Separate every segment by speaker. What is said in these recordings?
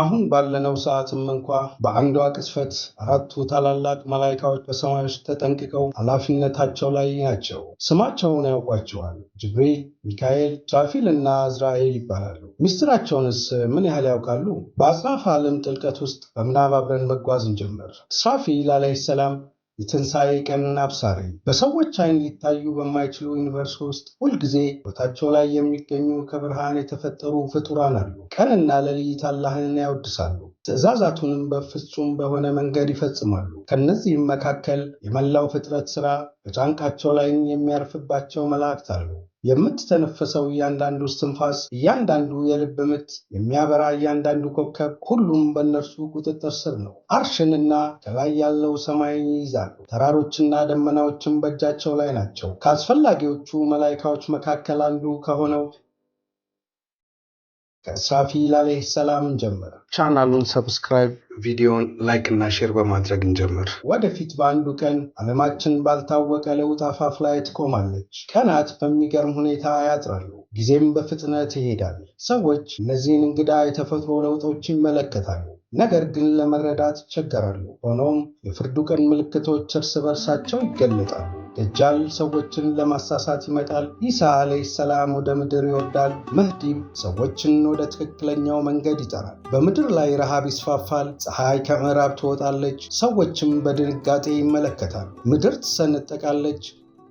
Speaker 1: አሁን ባለነው ሰዓትም እንኳ በአንዷ ቅስፈት አራቱ ታላላቅ መላይካዎች በሰማዮች ተጠንቅቀው ኃላፊነታቸው ላይ ናቸው። ስማቸውን ያውቋቸዋል። ጅብሪል፣ ሚካኤል፣ ትራፊል እና እዝራኤል ይባላሉ። ሚስጥራቸውንስ ምን ያህል ያውቃሉ? በአጽናፈ ዓለም ጥልቀት ውስጥ በምናብ አብረን መጓዝ እንጀምር። እስራፊል ሰላም የትንሣኤ ቀንን አብሳሪ በሰዎች አይን ሊታዩ በማይችሉ ዩኒቨርስ ውስጥ ሁልጊዜ ቦታቸው ላይ የሚገኙ ከብርሃን የተፈጠሩ ፍጡራን አሉ። ቀንና ሌሊት አላህን ያወድሳሉ። ትእዛዛቱንም በፍጹም በሆነ መንገድ ይፈጽማሉ። ከእነዚህም መካከል የመላው ፍጥረት ሥራ በጫንቃቸው ላይ የሚያርፍባቸው መላእክት አሉ። የምትተነፈሰው እያንዳንዱ እስትንፋስ፣ እያንዳንዱ የልብ ምት፣ የሚያበራ እያንዳንዱ ኮከብ፣ ሁሉም በእነርሱ ቁጥጥር ስር ነው። አርሽንና ከላይ ያለው ሰማይን ይይዛሉ። ተራሮችና ደመናዎችም በእጃቸው ላይ ናቸው። ከአስፈላጊዎቹ መላይካዎች መካከል አንዱ ከሆነው ከእስራፊል ዓለይሂ ሰላም ጀምር።
Speaker 2: ቻናሉን ሰብስክራይብ፣ ቪዲዮን ላይክ እና ሼር በማድረግ እንጀምር።
Speaker 1: ወደፊት በአንዱ ቀን ዓለማችን ባልታወቀ ለውጥ አፋፍ ላይ ትቆማለች። ቀናት በሚገርም ሁኔታ ያጥራሉ፣ ጊዜም በፍጥነት ይሄዳል። ሰዎች እነዚህን እንግዳ የተፈጥሮ ለውጦች ይመለከታሉ፣ ነገር ግን ለመረዳት ይቸገራሉ። ሆኖም የፍርዱ ቀን ምልክቶች እርስ በርሳቸው ይገለጣሉ። ደጃል ሰዎችን ለማሳሳት ይመጣል። ኢሳ ዓለይሂ ሰላም ወደ ምድር ይወርዳል። መህዲም ሰዎችን ወደ ትክክለኛው መንገድ ይጠራል። በምድር ላይ ረሃብ ይስፋፋል። ፀሐይ ከምዕራብ ትወጣለች። ሰዎችም በድንጋጤ ይመለከታል። ምድር ትሰነጠቃለች።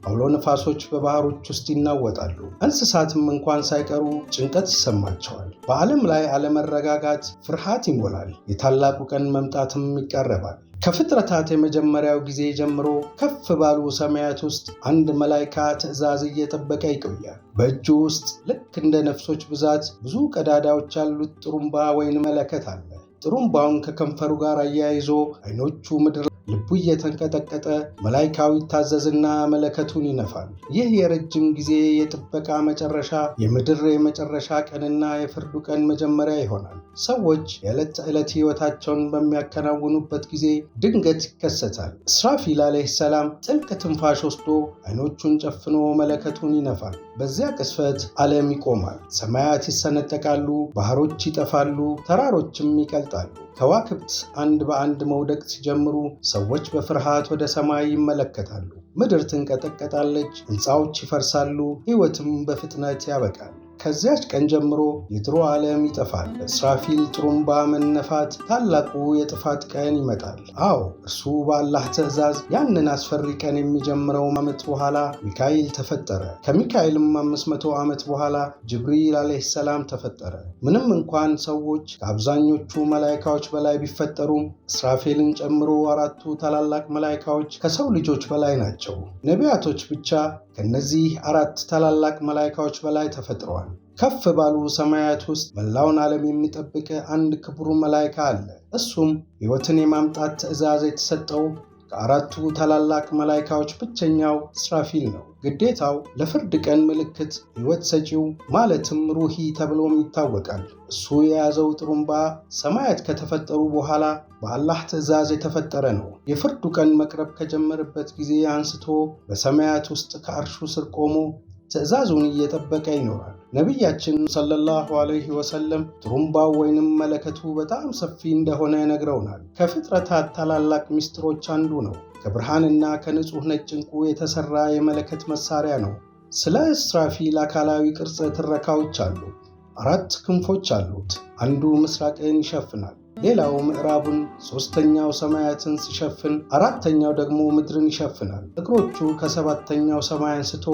Speaker 1: አውሎ ነፋሶች በባህሮች ውስጥ ይናወጣሉ። እንስሳትም እንኳን ሳይቀሩ ጭንቀት ይሰማቸዋል። በዓለም ላይ አለመረጋጋት፣ ፍርሃት ይሞላል። የታላቁ ቀን መምጣትም ይቀረባል። ከፍጥረታት የመጀመሪያው ጊዜ ጀምሮ ከፍ ባሉ ሰማያት ውስጥ አንድ መላይካ ትእዛዝ እየጠበቀ ይቆያል። በእጁ ውስጥ ልክ እንደ ነፍሶች ብዛት ብዙ ቀዳዳዎች ያሉት ጥሩምባ ወይን መለከት አለ። ጥሩምባውን ከከንፈሩ ጋር አያይዞ አይኖቹ ምድር ልቡ እየተንቀጠቀጠ መላይካዊ ታዘዝና መለከቱን ይነፋል። ይህ የረጅም ጊዜ የጥበቃ መጨረሻ የምድር የመጨረሻ ቀንና የፍርዱ ቀን መጀመሪያ ይሆናል። ሰዎች የዕለት ተዕለት ሕይወታቸውን በሚያከናውኑበት ጊዜ ድንገት ይከሰታል። እስራፊል ዓለይሂ ሰላም ጥልቅ ትንፋሽ ወስዶ አይኖቹን ጨፍኖ መለከቱን ይነፋል። በዚያ ቅስፈት ዓለም ይቆማል። ሰማያት ይሰነጠቃሉ፣ ባህሮች ይጠፋሉ፣ ተራሮችም ይቀልጣሉ። ከዋክብት አንድ በአንድ መውደቅ ሲጀምሩ ሰዎች በፍርሃት ወደ ሰማይ ይመለከታሉ። ምድር ትንቀጠቀጣለች፣ ሕንፃዎች ይፈርሳሉ፣ ሕይወትም በፍጥነት ያበቃል። ከዚያች ቀን ጀምሮ የድሮ ዓለም ይጠፋል። እስራፊል ጥሩምባ መነፋት ታላቁ የጥፋት ቀን ይመጣል። አዎ እርሱ በአላህ ትእዛዝ ያንን አስፈሪ ቀን የሚጀምረው ዓመት በኋላ ሚካኤል ተፈጠረ። ከሚካኤልም 500 ዓመት በኋላ ጅብሪል ዓለይሂ ሰላም ተፈጠረ። ምንም እንኳን ሰዎች ከአብዛኞቹ መላይካዎች በላይ ቢፈጠሩም እስራፌልን ጨምሮ አራቱ ታላላቅ መላይካዎች ከሰው ልጆች በላይ ናቸው። ነቢያቶች ብቻ ከእነዚህ አራት ታላላቅ መላይካዎች በላይ ተፈጥረዋል። ከፍ ባሉ ሰማያት ውስጥ መላውን ዓለም የሚጠብቅ አንድ ክቡር መላይካ አለ። እሱም ሕይወትን የማምጣት ትእዛዝ የተሰጠው ከአራቱ ታላላቅ መላይካዎች ብቸኛው ስራፊል ነው። ግዴታው ለፍርድ ቀን ምልክት ሕይወት ሰጪው ማለትም ሩሂ ተብሎም ይታወቃል። እሱ የያዘው ጥሩምባ ሰማያት ከተፈጠሩ በኋላ በአላህ ትእዛዝ የተፈጠረ ነው። የፍርዱ ቀን መቅረብ ከጀመረበት ጊዜ አንስቶ በሰማያት ውስጥ ከአርሹ ስር ቆሞ ትእዛዙን እየጠበቀ ይኖራል። ነቢያችን ሰለላሁ ዐለይሂ ወሰለም ትሩምባው ወይንም መለከቱ በጣም ሰፊ እንደሆነ ነግረውናል። ከፍጥረታት ታላላቅ ምስጢሮች አንዱ ነው። ከብርሃንና ከንጹሕ ነጭ ዕንቁ የተሠራ የመለከት መሣሪያ ነው። ስለ እስራፊል አካላዊ ቅርጽ ትረካዎች አሉ። አራት ክንፎች አሉት። አንዱ ምስራቅን ይሸፍናል፣ ሌላው ምዕራቡን፣ ሦስተኛው ሰማያትን ሲሸፍን፣ አራተኛው ደግሞ ምድርን ይሸፍናል። እግሮቹ ከሰባተኛው ሰማይ አንስቶ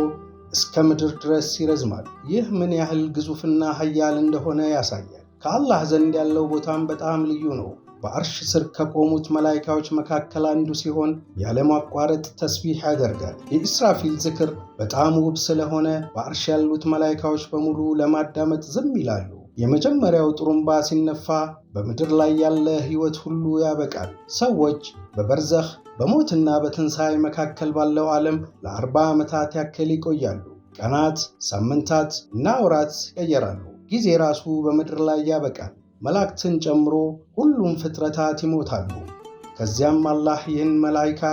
Speaker 1: እስከ ምድር ድረስ ይረዝማል። ይህ ምን ያህል ግዙፍና ኃያል እንደሆነ ያሳያል። ከአላህ ዘንድ ያለው ቦታም በጣም ልዩ ነው። በአርሽ ስር ከቆሙት መላይካዎች መካከል አንዱ ሲሆን ያለማቋረጥ ተስቢህ ያደርጋል። የኢስራፊል ዝክር በጣም ውብ ስለሆነ በአርሽ ያሉት መላይካዎች በሙሉ ለማዳመጥ ዝም ይላሉ። የመጀመሪያው ጥሩምባ ሲነፋ በምድር ላይ ያለ ሕይወት ሁሉ ያበቃል። ሰዎች በበርዘኽ በሞትና በትንሣኤ መካከል ባለው ዓለም ለአርባ ዓመታት ያክል ይቆያሉ። ቀናት፣ ሳምንታት እና ወራት ይቀየራሉ። ጊዜ ራሱ በምድር ላይ ያበቃል። መላእክትን ጨምሮ ሁሉም ፍጥረታት ይሞታሉ። ከዚያም አላህ ይህን መላይካ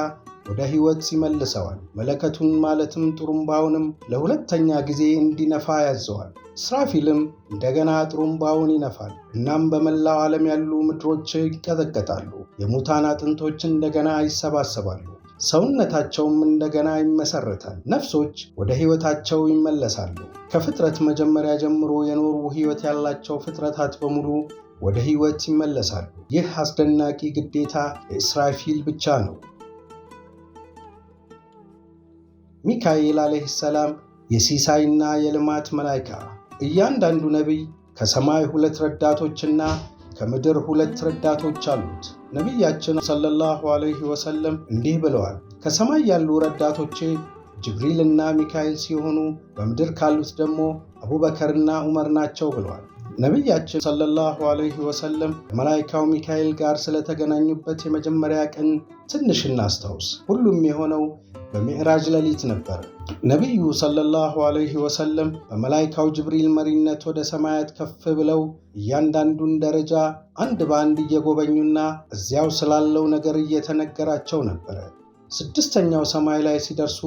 Speaker 1: ወደ ሕይወት ይመልሰዋል። መለከቱን ማለትም ጥሩምባውንም ለሁለተኛ ጊዜ እንዲነፋ ያዘዋል። ስራፊልም እንደገና ጥሩምባውን ይነፋል። እናም በመላው ዓለም ያሉ ምድሮች ይቀጠቀጣሉ። የሙታን አጥንቶች እንደገና ይሰባሰባሉ። ሰውነታቸውም እንደገና ይመሰረታል። ነፍሶች ወደ ሕይወታቸው ይመለሳሉ። ከፍጥረት መጀመሪያ ጀምሮ የኖሩ ሕይወት ያላቸው ፍጥረታት በሙሉ ወደ ሕይወት ይመለሳሉ። ይህ አስደናቂ ግዴታ የእስራፊል ብቻ ነው። ሚካኤል አለህ ሰላም የሲሳይና የልማት መላይካ፣ እያንዳንዱ ነቢይ ከሰማይ ሁለት ረዳቶችና ከምድር ሁለት ረዳቶች አሉት። ነቢያችን ሰለላሁ ዐለይሂ ወሰለም እንዲህ ብለዋል፣ ከሰማይ ያሉ ረዳቶቼ ጅብሪልና ሚካኤል ሲሆኑ በምድር ካሉት ደግሞ አቡበከርና ዑመር ናቸው ብለዋል። ነቢያችን ሰለላሁ ዐለይሂ ወሰለም ከመላይካው ሚካኤል ጋር ስለተገናኙበት የመጀመሪያ ቀን ትንሽ እናስታውስ። ሁሉም የሆነው በሚዕራጅ ሌሊት ነበር። ነቢዩ ሰለላሁ ዐለይሂ ወሰለም በመላይካው ጅብሪል መሪነት ወደ ሰማያት ከፍ ብለው እያንዳንዱን ደረጃ አንድ በአንድ እየጎበኙና እዚያው ስላለው ነገር እየተነገራቸው ነበረ። ስድስተኛው ሰማይ ላይ ሲደርሱ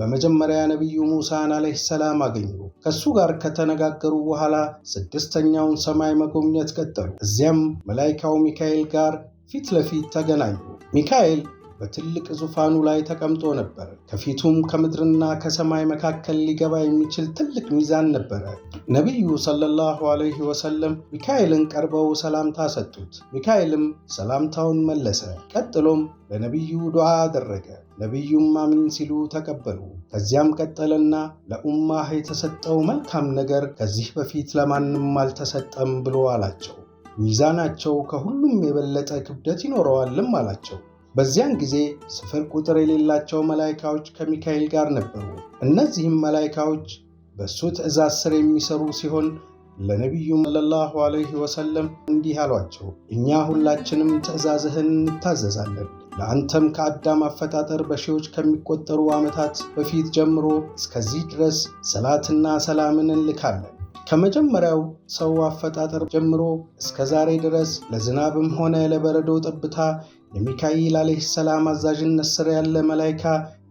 Speaker 1: በመጀመሪያ ነቢዩ ሙሳን ዓለይሂ ሰላም አገኙ። ከእሱ ጋር ከተነጋገሩ በኋላ ስድስተኛውን ሰማይ መጎብኘት ቀጠሉ። እዚያም መላይካው ሚካኤል ጋር ፊት ለፊት ተገናኙ። ሚካኤል በትልቅ ዙፋኑ ላይ ተቀምጦ ነበር። ከፊቱም ከምድርና ከሰማይ መካከል ሊገባ የሚችል ትልቅ ሚዛን ነበረ። ነቢዩ ሰለላሁ ዐለይሂ ወሰለም ሚካኤልን ቀርበው ሰላምታ ሰጡት። ሚካኤልም ሰላምታውን መለሰ። ቀጥሎም ለነቢዩ ዱዓ አደረገ። ነቢዩም አሚን ሲሉ ተቀበሉ። ከዚያም ቀጠለና ለኡማህ የተሰጠው መልካም ነገር ከዚህ በፊት ለማንም አልተሰጠም ብሎ አላቸው። ሚዛናቸው ከሁሉም የበለጠ ክብደት ይኖረዋልም አላቸው። በዚያን ጊዜ ስፍር ቁጥር የሌላቸው መላይካዎች ከሚካኤል ጋር ነበሩ። እነዚህም መላይካዎች በእሱ ትእዛዝ ስር የሚሰሩ ሲሆን ለነቢዩ ሰለላሁ ዐለይሂ ወሰለም እንዲህ አሏቸው፣ እኛ ሁላችንም ትእዛዝህን እንታዘዛለን። ለአንተም ከአዳም አፈጣጠር በሺዎች ከሚቆጠሩ ዓመታት በፊት ጀምሮ እስከዚህ ድረስ ሰላትና ሰላምን እንልካለን። ከመጀመሪያው ሰው አፈጣጠር ጀምሮ እስከ ዛሬ ድረስ ለዝናብም ሆነ ለበረዶ ጠብታ የሚካኤል ዓለይሂ ሰላም አዛዥነት ስር ያለ መላይካ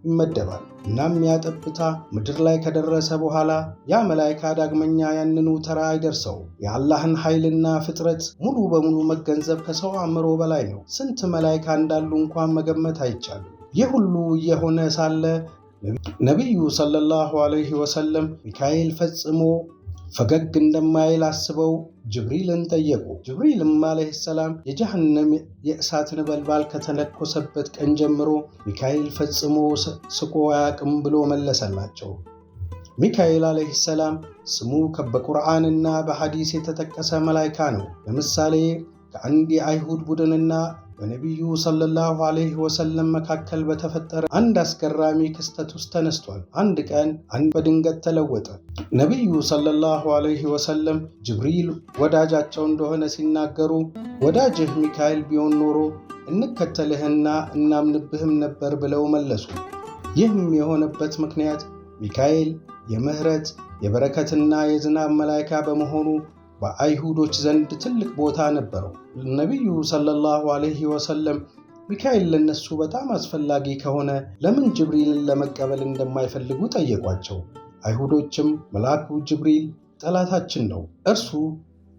Speaker 1: ይመደባል። እናም ያ ጠብታ ምድር ላይ ከደረሰ በኋላ ያ መላይካ ዳግመኛ ያንኑ ተራ አይደርሰው። የአላህን ኃይልና ፍጥረት ሙሉ በሙሉ መገንዘብ ከሰው አእምሮ በላይ ነው። ስንት መላይካ እንዳሉ እንኳን መገመት አይቻልም። ይህ ሁሉ እየሆነ ሳለ ነቢዩ ሰለላሁ ዐለይሂ ወሰለም ሚካኤል ፈጽሞ ፈገግ እንደማይል አስበው ጅብሪልን ጠየቁ። ጅብሪልም አለህ ሰላም የጀሃነም የእሳት ነበልባል ከተነኮሰበት ቀን ጀምሮ ሚካኤል ፈጽሞ ስቆ አያቅም ብሎ መለሰላቸው። ሚካኤል አለህ ሰላም ስሙ በቁርአንና በሐዲስ የተጠቀሰ መላይካ ነው። ለምሳሌ ከአንድ የአይሁድ ቡድንና በነቢዩ ሰለላሁ አለይህ ወሰለም መካከል በተፈጠረ አንድ አስገራሚ ክስተት ውስጥ ተነስቷል። አንድ ቀን አንድ በድንገት ተለወጠ። ነቢዩ ሰለላሁ ዓለይህ ወሰለም ጅብሪል ወዳጃቸው እንደሆነ ሲናገሩ ወዳጅህ ሚካኤል ቢሆን ኖሮ እንከተልህና እናምንብህም ነበር ብለው መለሱ። ይህም የሆነበት ምክንያት ሚካኤል የምህረት የበረከትና የዝናብ መላይካ በመሆኑ በአይሁዶች ዘንድ ትልቅ ቦታ ነበረው። ነቢዩ ሰለላሁ አለይሂ ወሰለም ሚካኤል ለነሱ በጣም አስፈላጊ ከሆነ ለምን ጅብሪልን ለመቀበል እንደማይፈልጉ ጠየቋቸው። አይሁዶችም መልአኩ ጅብሪል ጠላታችን ነው፣ እርሱ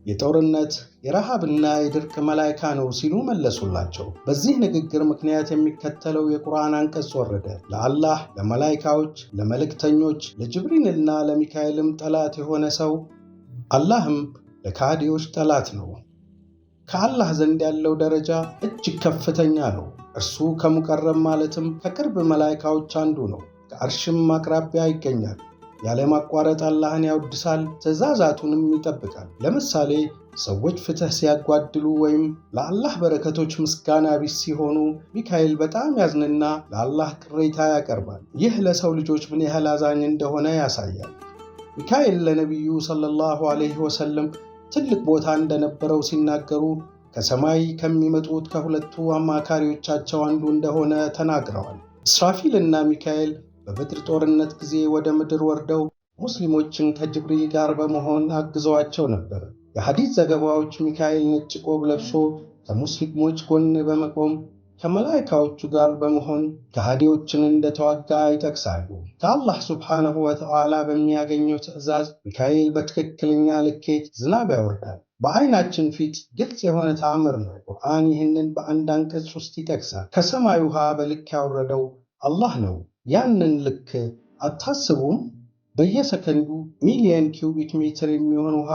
Speaker 1: የጦርነት የረሃብና የድርቅ መላይካ ነው ሲሉ መለሱላቸው። በዚህ ንግግር ምክንያት የሚከተለው የቁርአን አንቀጽ ወረደ። ለአላህ፣ ለመላይካዎች፣ ለመልእክተኞች፣ ለጅብሪልና ለሚካኤልም ጠላት የሆነ ሰው አላህም ለካዲዎች ጠላት ነው። ከአላህ ዘንድ ያለው ደረጃ እጅግ ከፍተኛ ነው። እርሱ ከሙቀረብ ማለትም ከቅርብ መላይካዎች አንዱ ነው። ከአርሽም አቅራቢያ ይገኛል። ያለማቋረጥ አላህን ያወድሳል፣ ትእዛዛቱንም ይጠብቃል። ለምሳሌ ሰዎች ፍትህ ሲያጓድሉ ወይም ለአላህ በረከቶች ምስጋና ቢስ ሲሆኑ ሚካኤል በጣም ያዝንና ለአላህ ቅሬታ ያቀርባል። ይህ ለሰው ልጆች ምን ያህል አዛኝ እንደሆነ ያሳያል። ሚካኤል ለነቢዩ ሰለላሁ ዐለይሂ ወሰለም ትልቅ ቦታ እንደነበረው ሲናገሩ ከሰማይ ከሚመጡት ከሁለቱ አማካሪዎቻቸው አንዱ እንደሆነ ተናግረዋል። እስራፊል እና ሚካኤል በበድር ጦርነት ጊዜ ወደ ምድር ወርደው ሙስሊሞችን ከጅብሪ ጋር በመሆን አግዘዋቸው ነበር። የሐዲስ ዘገባዎች ሚካኤል ነጭ ቆብ ለብሶ ከሙስሊሞች ጎን በመቆም ከመላይካዎቹ ጋር በመሆን ከሃዲዎችን እንደተዋጋ ይጠቅሳሉ። ከአላህ ሱብሓነሁ ወተዓላ በሚያገኘው ትዕዛዝ ሚካኤል በትክክለኛ ልኬት ዝናብ ያወርዳል። በዓይናችን ፊት ግልጽ የሆነ ተአምር ነው። ቁርአን ይህንን በአንድ አንቀጽ ውስጥ ይጠቅሳል። ከሰማይ ውሃ በልክ ያወረደው አላህ ነው። ያንን ልክ አታስቡም? በየሰከንዱ ሚሊየን ኪዩቢክ ሜትር የሚሆን ውሃ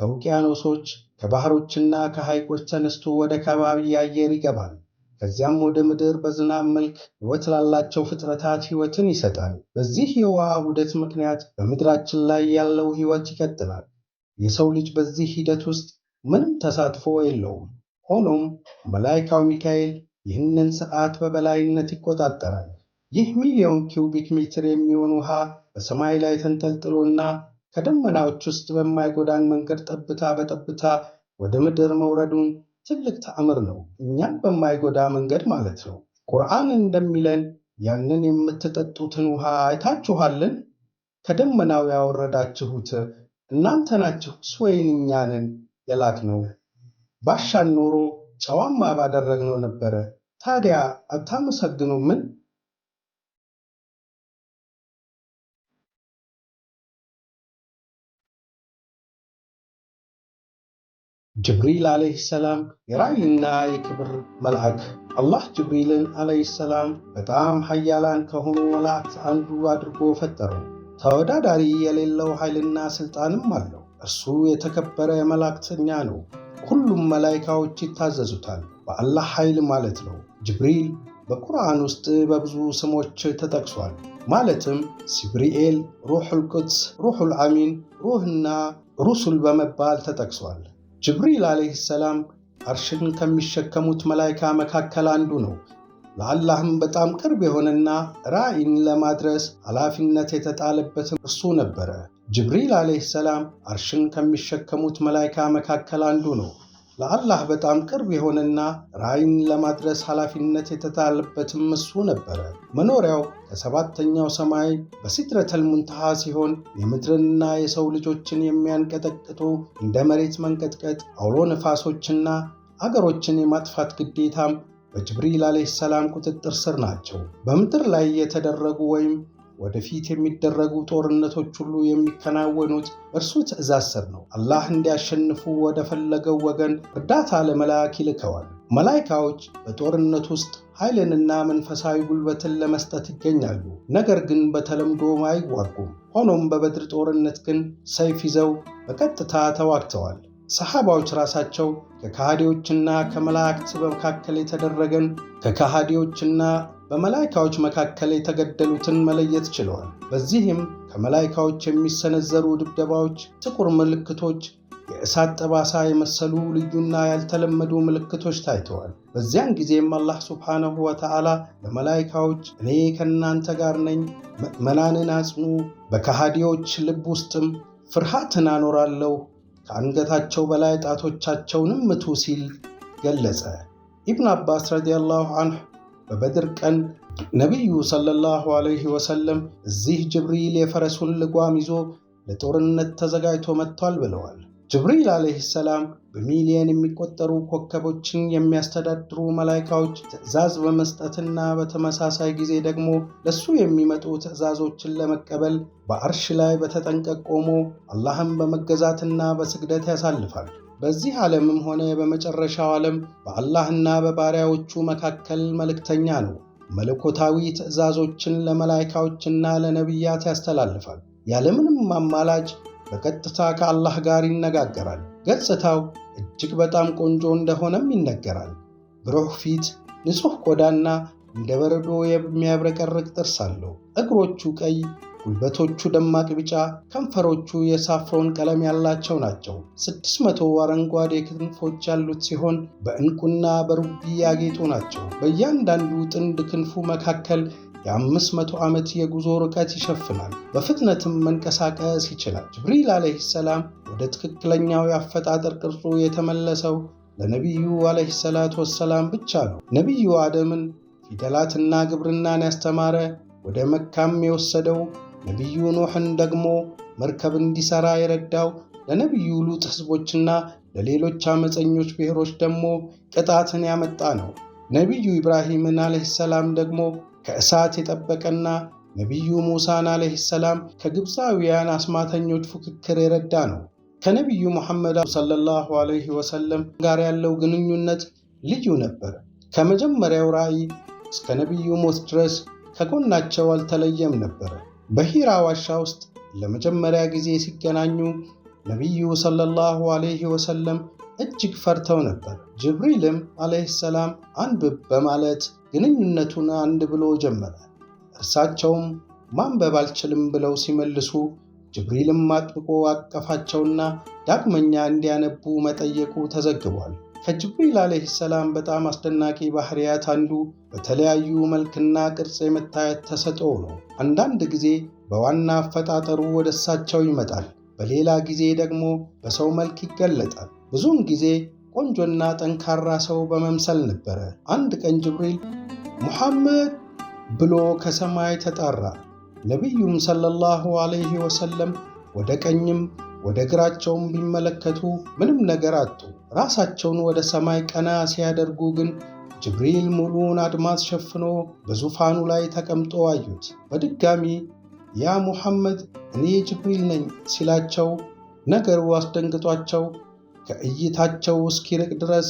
Speaker 1: ከውቅያኖሶች ከባህሮችና ከሐይቆች ተነስቶ ወደ ከባቢ አየር ይገባል። ከዚያም ወደ ምድር በዝናብ መልክ ሕይወት ላላቸው ፍጥረታት ሕይወትን ይሰጣል። በዚህ የውሃ ውደት ምክንያት በምድራችን ላይ ያለው ሕይወት ይቀጥላል። የሰው ልጅ በዚህ ሂደት ውስጥ ምንም ተሳትፎ የለውም። ሆኖም መላይካው ሚካኤል ይህንን ሰዓት በበላይነት ይቆጣጠራል። ይህ ሚሊዮን ኪዩቢክ ሜትር የሚሆን ውሃ በሰማይ ላይ ተንጠልጥሎና ከደመናዎች ውስጥ በማይጎዳን መንገድ ጠብታ በጠብታ ወደ ምድር መውረዱን ትልቅ ተአምር ነው። እኛን በማይጎዳ መንገድ ማለት ነው። ቁርአን እንደሚለን ያንን የምትጠጡትን ውሃ አይታችኋልን? ከደመናው ያወረዳችሁት እናንተ ናችሁ ወይን እኛንን የላክ ነው? ባሻን ኖሮ ጨዋማ ባደረግነው ነበረ። ታዲያ አታመሰግኑምን? ጅብሪል ዓለይህ ሰላም የራዕይና የክብር መልአክ አላህ ጅብሪልን ዓለይህ ሰላም በጣም ሀያላን ከሆኑ መላእክት አንዱ አድርጎ ፈጠረው። ተወዳዳሪ የሌለው ኃይልና ሥልጣንም አለው። እርሱ የተከበረ መላእክተኛ ነው። ሁሉም መላይካዎች ይታዘዙታል፣ በአላህ ኃይል ማለት ነው። ጅብሪል በቁርአን ውስጥ በብዙ ስሞች ተጠቅሷል። ማለትም ሲብሪኤል፣ ሩሑል ቁድስ፣ ሩሑል አሚን፣ ሩህና ሩሱል በመባል ተጠቅሷል። ጅብሪል ዓለይህ ሰላም አርሽን ከሚሸከሙት መላይካ መካከል አንዱ ነው። ለአላህም በጣም ቅርብ የሆነና ራእይን ለማድረስ ኃላፊነት የተጣለበትም እርሱ ነበረ። ጅብሪል ዓለይህ ሰላም አርሽን ከሚሸከሙት መላይካ መካከል አንዱ ነው። ለአላህ በጣም ቅርብ የሆነና ራእይን ለማድረስ ኃላፊነት የተጣለበትም እሱ ነበረ። መኖሪያው ከሰባተኛው ሰማይ በሲድረተል ሙንተሃ ሲሆን የምድርንና የሰው ልጆችን የሚያንቀጠቅጡ እንደ መሬት መንቀጥቀጥ፣ አውሎ ነፋሶችና አገሮችን የማጥፋት ግዴታም በጅብሪል ዓለይሂ ሰላም ቁጥጥር ስር ናቸው። በምድር ላይ የተደረጉ ወይም ወደፊት የሚደረጉ ጦርነቶች ሁሉ የሚከናወኑት እርሱ ትእዛዝ ስር ነው። አላህ እንዲያሸንፉ ወደ ፈለገው ወገን እርዳታ ለመላክ ይልከዋል። መላይካዎች በጦርነት ውስጥ ኃይልንና መንፈሳዊ ጉልበትን ለመስጠት ይገኛሉ። ነገር ግን በተለምዶ አይዋጉም። ሆኖም በበድር ጦርነት ግን ሰይፍ ይዘው በቀጥታ ተዋግተዋል። ሰሓባዎች ራሳቸው ከካሃዲዎችና ከመላእክት መካከል የተደረገን ከካሃዲዎችና በመላይካዎች መካከል የተገደሉትን መለየት ችለዋል። በዚህም ከመላይካዎች የሚሰነዘሩ ድብደባዎች፣ ጥቁር ምልክቶች የእሳት ጠባሳ የመሰሉ ልዩና ያልተለመዱ ምልክቶች ታይተዋል። በዚያን ጊዜም አላህ ሱብሓነሁ ወተዓላ ለመላይካዎች እኔ ከእናንተ ጋር ነኝ፣ ምዕመናንን አጽኑ፣ በከሃዲዎች ልብ ውስጥም ፍርሃትን አኖራለሁ፣ ከአንገታቸው በላይ ጣቶቻቸውንም ምቱ ሲል ገለጸ። ኢብን አባስ ረዲያላሁ አንሁ በበድር ቀን ነቢዩ ሰለላሁ ዐለይሂ ወሰለም እዚህ ጅብሪል የፈረሱን ልጓም ይዞ ለጦርነት ተዘጋጅቶ መጥቷል ብለዋል። ጅብሪል ዓለይህ ሰላም በሚሊየን የሚቆጠሩ ኮከቦችን የሚያስተዳድሩ መላይካዎች ትዕዛዝ በመስጠትና በተመሳሳይ ጊዜ ደግሞ ለሱ የሚመጡ ትዕዛዞችን ለመቀበል በአርሽ ላይ በተጠንቀቅ ቆሞ አላህም በመገዛትና በስግደት ያሳልፋል። በዚህ ዓለምም ሆነ በመጨረሻው ዓለም በአላህና በባሪያዎቹ መካከል መልእክተኛ ነው። መለኮታዊ ትዕዛዞችን ለመላይካዎችና ለነቢያት ያስተላልፋል። ያለምንም አማላጭ በቀጥታ ከአላህ ጋር ይነጋገራል። ገጽታው እጅግ በጣም ቆንጆ እንደሆነም ይነገራል። ብሩህ ፊት፣ ንጹሕ ቆዳና እንደ በረዶ የሚያብረቀርቅ ጥርስ አለው። እግሮቹ ቀይ፣ ጉልበቶቹ ደማቅ ቢጫ፣ ከንፈሮቹ የሳፍሮን ቀለም ያላቸው ናቸው። 600 አረንጓዴ ክንፎች ያሉት ሲሆን በዕንቁና በሩቢ ያጌጡ ናቸው። በእያንዳንዱ ጥንድ ክንፉ መካከል የአምስት መቶ ዓመት የጉዞ ርቀት ይሸፍናል። በፍጥነትም መንቀሳቀስ ይችላል። ጅብሪል ዓለይህ ሰላም ወደ ትክክለኛው የአፈጣጠር ቅርጹ የተመለሰው ለነቢዩ ዓለይህ ሰላት ወሰላም ብቻ ነው። ነቢዩ አደምን ፊደላትና ግብርናን ያስተማረ፣ ወደ መካም የወሰደው፣ ነቢዩ ኖሕን ደግሞ መርከብ እንዲሠራ የረዳው፣ ለነቢዩ ሉጥ ሕዝቦችና ለሌሎች ዓመፀኞች ብሔሮች ደግሞ ቅጣትን ያመጣ ነው። ነቢዩ ኢብራሂምን ዓለይህ ሰላም ደግሞ ከእሳት የጠበቀና ነቢዩ ሙሳን ዓለይሂ ሰላም ከግብፃውያን አስማተኞች ፉክክር የረዳ ነው። ከነቢዩ ሙሐመድ ሰለላሁ ዓለይሂ ወሰለም ጋር ያለው ግንኙነት ልዩ ነበር። ከመጀመሪያው ራእይ እስከ ነቢዩ ሞት ድረስ ከጎናቸው አልተለየም ነበር። በሂራ ዋሻ ውስጥ ለመጀመሪያ ጊዜ ሲገናኙ ነቢዩ ሰለላሁ ዓለይሂ ወሰለም እጅግ ፈርተው ነበር። ጅብሪልም ዓለይሂ ሰላም አንብብ በማለት ግንኙነቱን አንድ ብሎ ጀመረ። እርሳቸውም ማንበብ አልችልም ብለው ሲመልሱ ጅብሪልም አጥብቆ አቀፋቸውና ዳግመኛ እንዲያነቡ መጠየቁ ተዘግቧል። ከጅብሪል ዓለይሂ ሰላም በጣም አስደናቂ ባህሪያት አንዱ በተለያዩ መልክና ቅርጽ የመታየት ተሰጥኦ ነው። አንዳንድ ጊዜ በዋና አፈጣጠሩ ወደ እሳቸው ይመጣል፣ በሌላ ጊዜ ደግሞ በሰው መልክ ይገለጣል። ብዙውን ጊዜ ቆንጆና ጠንካራ ሰው በመምሰል ነበረ። አንድ ቀን ጅብሪል ሙሐመድ ብሎ ከሰማይ ተጣራ። ነቢዩም ሰለላሁ ዐለይሂ ወሰለም ወደ ቀኝም ወደ ግራቸውም ቢመለከቱ ምንም ነገር አጡ። ራሳቸውን ወደ ሰማይ ቀና ሲያደርጉ ግን ጅብሪል ሙሉውን አድማስ ሸፍኖ በዙፋኑ ላይ ተቀምጦ አዩት። በድጋሚ ያ ሙሐመድ እኔ ጅብሪል ነኝ ሲላቸው ነገሩ አስደንግጧቸው ከእይታቸው እስኪርቅ ድረስ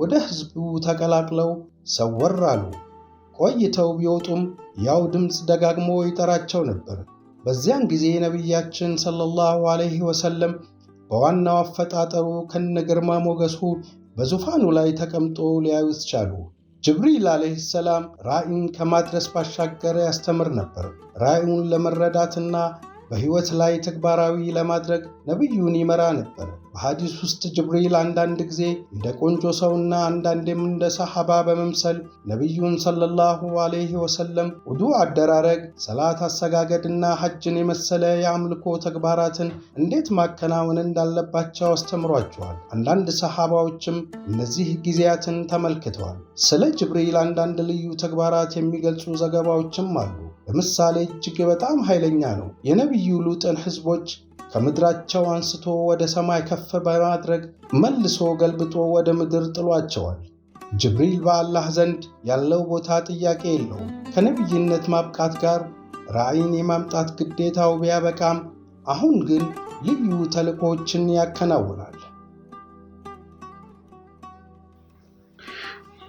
Speaker 1: ወደ ሕዝቡ ተቀላቅለው ሰወር አሉ። ቆይተው ቢወጡም ያው ድምፅ ደጋግሞ ይጠራቸው ነበር። በዚያን ጊዜ ነቢያችን ሰለላሁ ዐለይሂ ወሰለም በዋናው አፈጣጠሩ ከነግርማ ሞገሱ በዙፋኑ ላይ ተቀምጦ ሊያዩት ቻሉ። ጅብሪል ዓለይህ ሰላም ራእይን ከማድረስ ባሻገር ያስተምር ነበር። ራእዩን ለመረዳትና በሕይወት ላይ ተግባራዊ ለማድረግ ነቢዩን ይመራ ነበር። በሐዲስ ውስጥ ጅብሪል አንዳንድ ጊዜ እንደ ቆንጆ ሰውና አንዳንዴም እንደ ሰሐባ በመምሰል ነቢዩን ሰለላሁ አለይህ ወሰለም ውዱ አደራረግ፣ ሰላት አሰጋገድና ሐጅን የመሰለ የአምልኮ ተግባራትን እንዴት ማከናወን እንዳለባቸው አስተምሯቸዋል። አንዳንድ ሰሐባዎችም እነዚህ ጊዜያትን ተመልክተዋል። ስለ ጅብሪል አንዳንድ ልዩ ተግባራት የሚገልጹ ዘገባዎችም አሉ። ለምሳሌ እጅግ በጣም ኃይለኛ ነው። የነቢዩ ሉጥን ሕዝቦች ከምድራቸው አንስቶ ወደ ሰማይ ከፍ በማድረግ መልሶ ገልብጦ ወደ ምድር ጥሏቸዋል። ጅብሪል በአላህ ዘንድ ያለው ቦታ ጥያቄ የለውም። ከነቢይነት ማብቃት ጋር ራእይን የማምጣት ግዴታው ቢያበቃም አሁን ግን ልዩ ተልእኮዎችን ያከናውናል።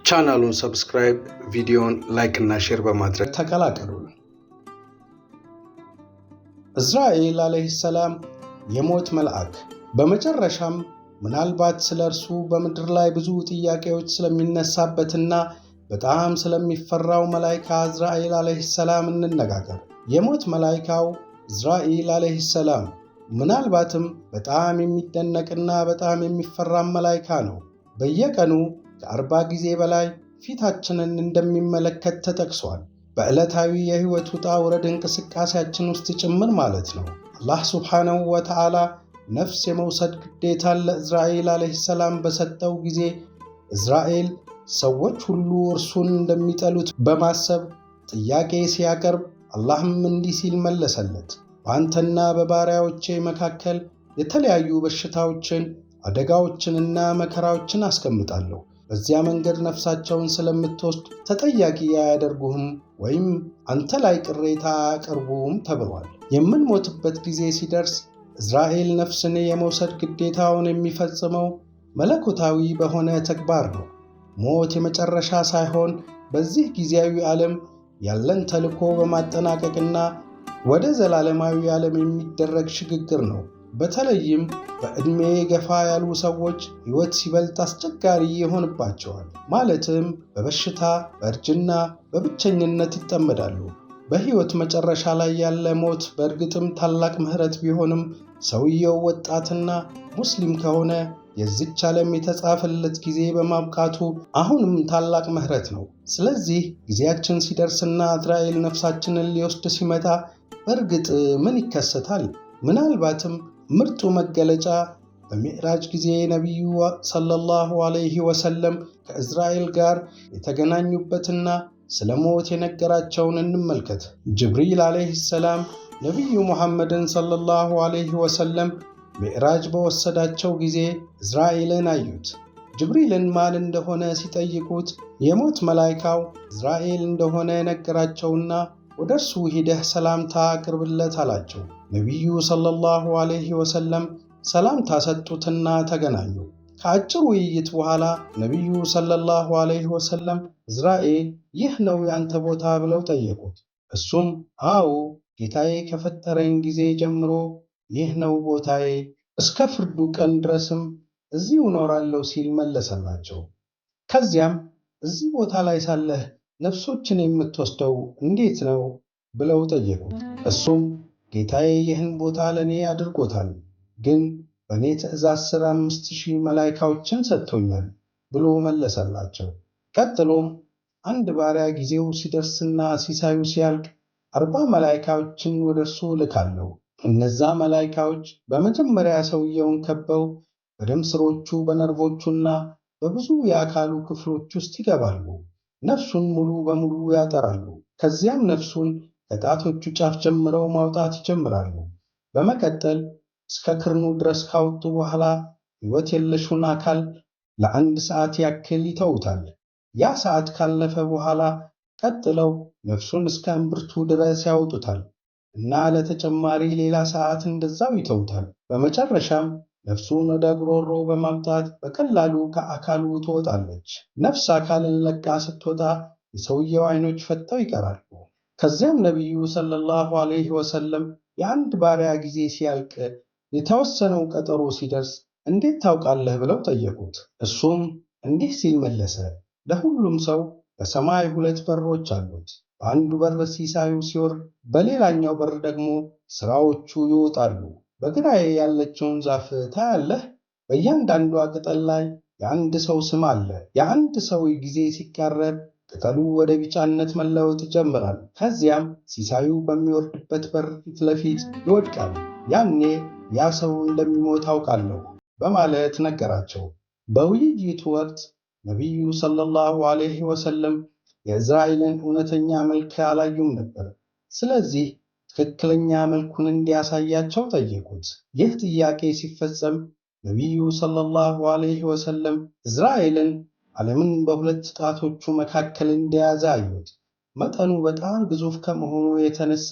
Speaker 2: ቻናሉን ሰብስክራይብ፣ ቪዲዮን ላይክ እና ሼር በማድረግ ተቀላቀሉን።
Speaker 1: እዝራኤል አለህ ሰላም የሞት መልአክ። በመጨረሻም ምናልባት ስለ እርሱ በምድር ላይ ብዙ ጥያቄዎች ስለሚነሳበትና በጣም ስለሚፈራው መላይካ እዝራኤል አለህ ሰላም እንነጋገር። የሞት መላይካው እዝራኤል አለህ ሰላም ምናልባትም በጣም የሚደነቅና በጣም የሚፈራም መላይካ ነው። በየቀኑ ከአርባ ጊዜ በላይ ፊታችንን እንደሚመለከት ተጠቅሷል። በዕለታዊ የህይወት ውጣ ውረድ እንቅስቃሴያችን ውስጥ ጭምር ማለት ነው። አላህ ስብሓነሁ ወተዓላ ነፍስ የመውሰድ ግዴታን ለእዝራኤል ዓለይሂ ሰላም በሰጠው ጊዜ እዝራኤል ሰዎች ሁሉ እርሱን እንደሚጠሉት በማሰብ ጥያቄ ሲያቀርብ አላህም እንዲህ ሲል መለሰለት፣ በአንተና በባሪያዎቼ መካከል የተለያዩ በሽታዎችን አደጋዎችንና መከራዎችን አስቀምጣለሁ በዚያ መንገድ ነፍሳቸውን ስለምትወስድ ተጠያቂ አያደርጉህም ወይም አንተ ላይ ቅሬታ አያቀርቡም ተብሏል። የምንሞትበት ጊዜ ሲደርስ እዝራኤል ነፍስን የመውሰድ ግዴታውን የሚፈጽመው መለኮታዊ በሆነ ተግባር ነው። ሞት የመጨረሻ ሳይሆን በዚህ ጊዜያዊ ዓለም ያለን ተልዕኮ በማጠናቀቅና ወደ ዘላለማዊ ዓለም የሚደረግ ሽግግር ነው። በተለይም በዕድሜ ገፋ ያሉ ሰዎች ሕይወት ሲበልጥ አስቸጋሪ ይሆንባቸዋል። ማለትም በበሽታ፣ በእርጅና፣ በብቸኝነት ይጠመዳሉ። በሕይወት መጨረሻ ላይ ያለ ሞት በእርግጥም ታላቅ ምሕረት ቢሆንም ሰውየው ወጣትና ሙስሊም ከሆነ የዚች ዓለም የተጻፈለት ጊዜ በማብቃቱ አሁንም ታላቅ ምሕረት ነው። ስለዚህ ጊዜያችን ሲደርስና እስራኤል ነፍሳችንን ሊወስድ ሲመጣ በእርግጥ ምን ይከሰታል? ምናልባትም ምርጡ መገለጫ በሚዕራጅ ጊዜ ነቢዩ ሰለላሁ አለይህ ወሰለም ከእስራኤል ጋር የተገናኙበትና ስለ ሞት የነገራቸውን እንመልከት። ጅብሪል ዐለይሂ ሰላም ነቢዩ ሙሐመድን ሰለላሁ አለይህ ወሰለም ሚዕራጅ በወሰዳቸው ጊዜ እዝራኤልን አዩት። ጅብሪልን ማን እንደሆነ ሲጠይቁት የሞት መላይካው እዝራኤል እንደሆነ የነገራቸውና? ወደ እርሱ ሂደህ ሰላምታ አቅርብለት አላቸው። ነቢዩ ሰለላሁ ዐለይሂ ወሰለም ሰላምታ ሰጡትና ተገናኙ። ከአጭር ውይይት በኋላ ነቢዩ ሰለላሁ ዐለይሂ ወሰለም እዝራኤ ይህ ነው ያንተ ቦታ ብለው ጠየቁት። እሱም አዎ ጌታዬ ከፈጠረኝ ጊዜ ጀምሮ ይህ ነው ቦታዬ፣ እስከ ፍርዱ ቀን ድረስም እዚሁ እኖራለሁ ሲል መለሰላቸው። ከዚያም እዚህ ቦታ ላይ ሳለህ ነፍሶችን የምትወስደው እንዴት ነው ብለው ጠየቁ። እሱም ጌታዬ ይህን ቦታ ለእኔ አድርጎታል፣ ግን በእኔ ትእዛዝ ሥር አምስት ሺህ መላይካዎችን ሰጥቶኛል ብሎ መለሰላቸው። ቀጥሎም አንድ ባሪያ ጊዜው ሲደርስና ሲሳዩ ሲያልቅ አርባ መላይካዎችን ወደ እርሱ ልካለሁ። እነዛ መላይካዎች በመጀመሪያ ሰውየውን ከበው በደም ስሮቹ በነርቮቹና በብዙ የአካሉ ክፍሎች ውስጥ ይገባሉ። ነፍሱን ሙሉ በሙሉ ያጠራሉ። ከዚያም ነፍሱን ከጣቶቹ ጫፍ ጀምረው ማውጣት ይጀምራሉ። በመቀጠል እስከ ክርኑ ድረስ ካወጡ በኋላ ሕይወት የለሹን አካል ለአንድ ሰዓት ያክል ይተውታል። ያ ሰዓት ካለፈ በኋላ ቀጥለው ነፍሱን እስከ እምብርቱ ድረስ ያወጡታል እና ለተጨማሪ ሌላ ሰዓት እንደዛው ይተውታል። በመጨረሻም ነፍሱን ወደ ጉሮሮ በማምጣት በቀላሉ ከአካሉ ትወጣለች። ነፍስ አካልን ለቃ ስትወጣ የሰውየው አይኖች ፈጥተው ይቀራሉ። ከዚያም ነቢዩ ሰለላሁ ዐለይሂ ወሰለም የአንድ ባሪያ ጊዜ ሲያልቅ የተወሰነው ቀጠሮ ሲደርስ እንዴት ታውቃለህ ብለው ጠየቁት። እሱም እንዲህ ሲል መለሰ፣ ለሁሉም ሰው በሰማይ ሁለት በሮች አሉት። በአንዱ በር ሲሳዩ ሲወርድ፣ በሌላኛው በር ደግሞ ስራዎቹ ይወጣሉ። በግራዬ ያለችውን ዛፍ ታያለህ? በእያንዳንዷ ቅጠል ላይ የአንድ ሰው ስም አለ። የአንድ ሰው ጊዜ ሲቃረብ ቅጠሉ ወደ ቢጫነት መለወጥ ይጀምራል። ከዚያም ሲሳዩ በሚወርድበት በር ፊት ለፊት ይወድቃል። ያኔ ያ ሰው እንደሚሞት አውቃለሁ በማለት ነገራቸው። በውይይቱ ወቅት ነቢዩ ሰለላሁ ዐለይሂ ወሰለም የእስራኤልን እውነተኛ መልክ አላዩም ነበር። ስለዚህ ትክክለኛ መልኩን እንዲያሳያቸው ጠየቁት። ይህ ጥያቄ ሲፈጸም ነቢዩ ሰለላሁ ዓለይህ ወሰለም እዝራኤልን ዓለምን በሁለት ጣቶቹ መካከል እንደያዘ አዩት። መጠኑ በጣም ግዙፍ ከመሆኑ የተነሳ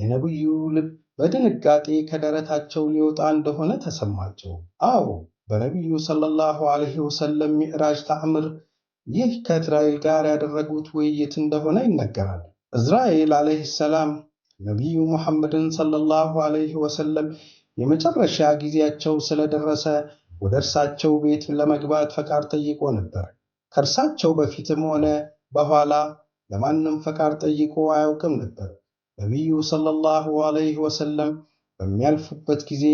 Speaker 1: የነቢዩ ልብ በድንጋጤ ከደረታቸው ሊወጣ እንደሆነ ተሰማቸው። አዎ በነቢዩ ሰለላሁ ዐለይሂ ወሰለም ሚዕራጅ ተአምር ይህ ከእስራኤል ጋር ያደረጉት ውይይት እንደሆነ ይነገራል። እዝራኤል ዐለይሂ ሰላም ነቢዩ ሙሐመድን ሰለላሁ አለይህ ወሰለም የመጨረሻ ጊዜያቸው ስለደረሰ ወደ እርሳቸው ቤት ለመግባት ፈቃድ ጠይቆ ነበር። ከእርሳቸው በፊትም ሆነ በኋላ ለማንም ፈቃድ ጠይቆ አያውቅም ነበር። ነቢዩ ሰለላሁ አለይህ ወሰለም በሚያልፉበት ጊዜ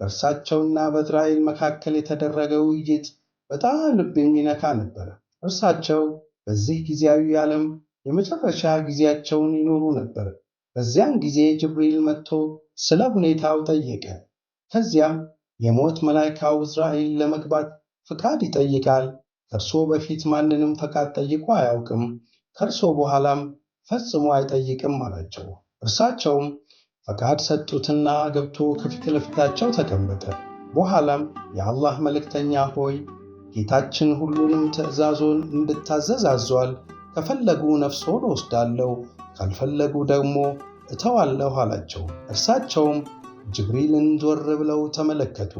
Speaker 1: በእርሳቸውና በእስራኤል መካከል የተደረገ ውይይት በጣም ልብ የሚነካ ነበር። እርሳቸው በዚህ ጊዜያዊ ዓለም የመጨረሻ ጊዜያቸውን ይኖሩ ነበር። በዚያን ጊዜ ጅብሪል መጥቶ ስለ ሁኔታው ጠየቀ። ከዚያም የሞት መላይካው እስራኤል ለመግባት ፍቃድ ይጠይቃል። ከእርሶ በፊት ማንንም ፈቃድ ጠይቆ አያውቅም፣ ከእርሶ በኋላም ፈጽሞ አይጠይቅም አላቸው። እርሳቸውም ፈቃድ ሰጡትና ገብቶ ከፊት ለፊታቸው ተቀመጠ። በኋላም የአላህ መልእክተኛ ሆይ ጌታችን ሁሉንም ትእዛዞን እንድታዘዝ አዟል። ከፈለጉ ነፍሶን ወስዳለሁ ካልፈለጉ ደግሞ እተዋለሁ አላቸው። እርሳቸውም ጅብሪልን ዞር ብለው ተመለከቱ።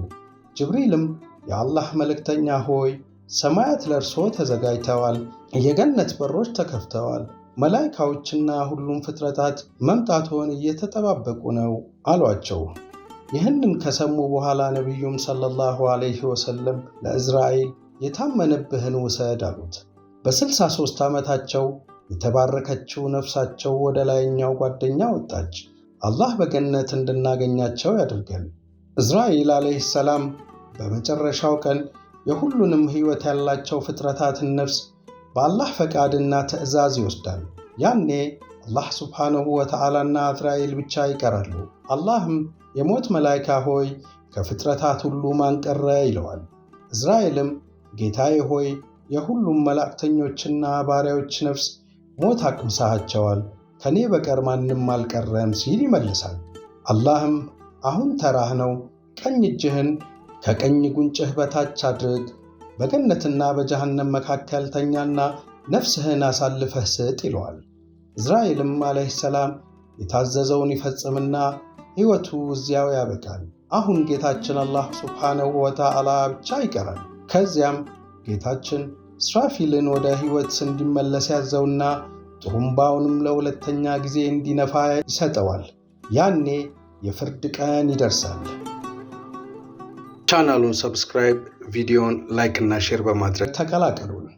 Speaker 1: ጅብሪልም የአላህ መልእክተኛ ሆይ ሰማያት ለእርስዎ ተዘጋጅተዋል፣ የገነት በሮች ተከፍተዋል፣ መላይካዎችና ሁሉም ፍጥረታት መምጣትዎን እየተጠባበቁ ነው አሏቸው። ይህንን ከሰሙ በኋላ ነቢዩም ሰለላሁ ዐለይሂ ወሰለም ለእዝራኤል የታመነብህን ውሰድ አሉት። በስልሳ በ63 ዓመታቸው የተባረከችው ነፍሳቸው ወደ ላይኛው ጓደኛ ወጣች። አላህ በገነት እንድናገኛቸው ያድርገን። እዝራኤል ዓለይህ ሰላም በመጨረሻው ቀን የሁሉንም ሕይወት ያላቸው ፍጥረታትን ነፍስ በአላህ ፈቃድና ትዕዛዝ ይወስዳል። ያኔ አላህ ስብሓንሁ ወተዓላና እዝራኤል ብቻ ይቀራሉ። አላህም የሞት መላይካ ሆይ ከፍጥረታት ሁሉ ማንቀረ ይለዋል። እዝራኤልም ጌታዬ ሆይ የሁሉም መላእክተኞችና ባሪያዎች ነፍስ ሞት አቅምሳሃቸዋል፣ ከእኔ በቀር ማንም አልቀረም ሲል ይመልሳል። አላህም አሁን ተራህ ነው፣ ቀኝ እጅህን ከቀኝ ጉንጭህ በታች አድርግ፣ በገነትና በጀሃነም መካከል ተኛና ነፍስህን አሳልፈህ ስጥ ይለዋል። እዝራኤልም ዓለይሂ ሰላም የታዘዘውን ይፈጽምና ሕይወቱ እዚያው ያበቃል። አሁን ጌታችን አላህ ስብሓነሁ ወተዓላ ብቻ ይቀራል። ከዚያም ጌታችን ስራፊልን ወደ ሕይወት እንዲመለስ ያዘውና ጥሩምባውንም ለሁለተኛ ጊዜ እንዲነፋ ይሰጠዋል። ያኔ የፍርድ ቀን ይደርሳል።
Speaker 2: ቻናሉን ሰብስክራይብ፣ ቪዲዮን ላይክ እና ሼር በማድረግ ተቀላቀሉን።